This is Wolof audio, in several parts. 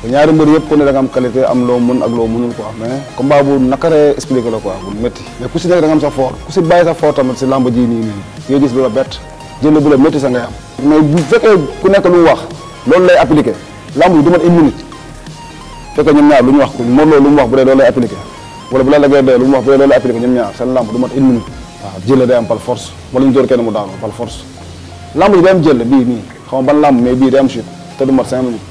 te ñaari mbër yëpp ku ne da nga am qualité am loo mun ak loo munul quoi mais combat bu nakaree expliqué la quoi bu métti mais ku si nekk da am sa fort ku si bàyyi sa fort tamit si làmb ji nii nii la bett jënd fekkee ku nekk lu mu wax loolu lay appliqué làmb bi ñu wax ko moom loolu lu mu wax bu dee loolu lay appliqué wala bu la la gee dee lu am jël bii nii xam ban làmb mais bii day am chute te du mat cinq minutes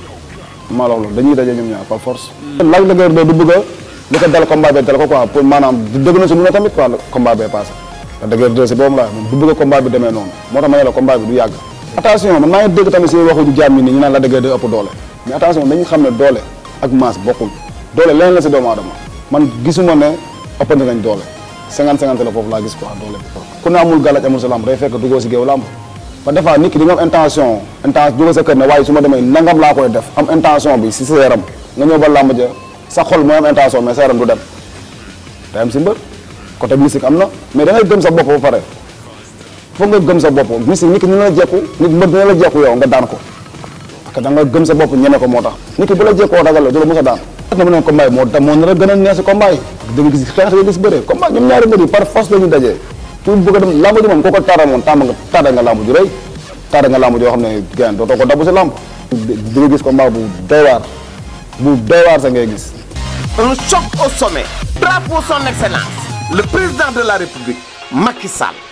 maa la wax loolu dañuy daje ñoom ñaar par force. Lac de Guiers 2 du bëgg a li ko dal combat bi dal ko quoi pour maanaam dëgg na si lu ne tamit quoi combat bee passé. Lac de Guiers 2 si boobu du a combat bi demee yàgg. attention man maa ngi tamit si waxuñu jàmm yi nii ñu naan Lac de ëpp doole mais attention nañu xam ne doole ak masse bokkul doole leneen la si doomu aadama man gisuma ne ëppante nañ doole 50 50 la foofu laa gis quoi doole ku ne amul gàllaaj amul sa lamb day fekk duggoo si ma defaa fois nit ki di nga am intention intention jóge sa kër ne waaye su ma demee nangam laa koy def am intention bi si sa yaram nga ñëw ba làmb ja sa xol mooy am intention mais sa yaram du dem day si mbër côté musique am na mais da gëm sa bopp ba pare foog nga gëm sa bopp sa bopp ñeme ko moo tax nit ki la jekkoo ragal du la mos a daan na mu ne combat yi moo moo nar a gën a neex si combat yi da nga gis xeex nga gis bëre combat ñoom ñaari mbër par force la dajee ku bëgg a dem lamb ji moom ko ko taara moom tàmb nga taara nga lamb ju rëy taara nga lamb joo xam ne gaan dootoo ko dabu si lamb di nga gis combat bu doy waar bu doy waar sa ngay gis un choc au sommet le président de la république Macky Sall